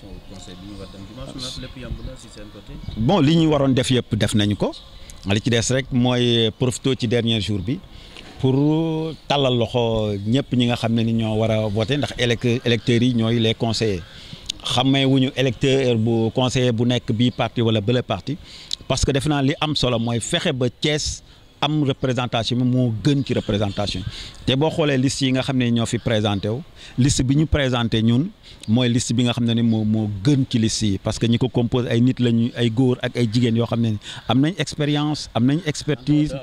élection conseil bi ñu war bon li ñu waroon def yëpp def nañu ko li ci des rek mooy profité ci dernier jour bi pour tallal loxo ñëpp ñi nga xam ne ni ñoo war a voté ndax élec électeurs yi ñooy les conseillers. xamee wu ñu électeur bu conseiller bu nekk bii parti wala bële parti parce que defe naa li am solo mooy fexe ba Thiès. am représentation bi moo gën ci représentation te boo xoolee liste yi nga xam ne ñoo fi présenté wu liste bi ñu présenté ñun mooy liste bi nga xam ne ni moo moo gën ci liste yi parce que ñu ko compose ay nit lañu ay góor ak ay jigéen yoo xam ne ni am nañ expérience am nañ expertise euh,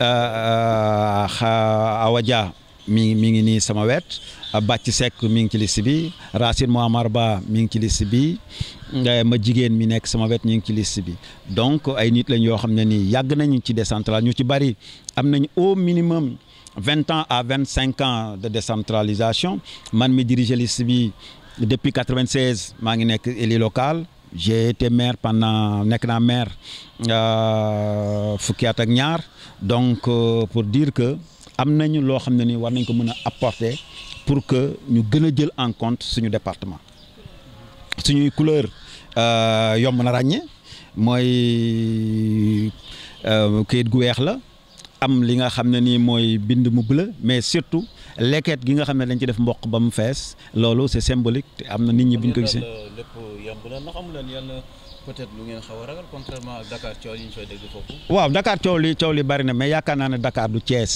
euh, euh, Awa Dia mi mi ngi nii sama wet Bàcc Seck mi ngi ci liste bi Racine Mohamar Ba mi ngi ci liste bi eh, ma jigéen mi nekk sama wet ñu ngi ci liste bi donc ay nit lañ yoo xam ne nii yàgg nañu ci décentralisation ñu ci bari am nañ au minimum vingt ans à vingt cinq de décentralisation man mi diriger liste bi depuis quatre vingt seize maa ngi nekk élu local j'ai été maire pendant nekk naa maire euh, fukki at ak ñaar donc euh, pour dire que. am nañu loo xam ne nii war nañ ko mën a apporter pour que ñu gën a jël en compte suñu département suñuy couleur euh, yomb na ràññe mooy euh, kayit gu weex la am li nga xam ne nii mooy bind mu bleu mais surtout leket gi nga xam ne dañ ci def mboq ba mu fees loolu c'est symbolique te am na nit ñi buñ ko gisee. peut-être lu ngeen xaw a ragal contrairement ak Dakar coow li ñu fay dégg foofu. waaw Dakar coow li coow li bari na mais yaakaar naa ne Dakar du Thiès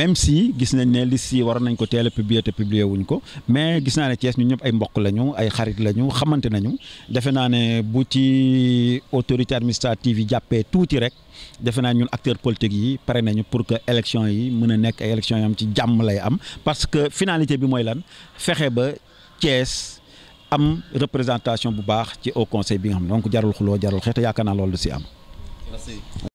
même si gis nañ ne liste si war nañ ko teel a publier te publier wuñ ko mais gis naa ne Thiès ñun ñëpp ay mbokk lañu ay xarit lañu xamante nañu defe naa ne bu ci autorité administrative yi jàppee tuuti rek. defe naa ñun acteurs politiques yi pare nañu pour que élection yi mën a nekk ay élection am ci jàmm lay am parce que finalité bi mooy lan fexe ba Thiès am représentation bu baax ci au conseil bi nga xam ne donc jarul xuloo jarul xeex te yaakaar naa loolu du si am. merci.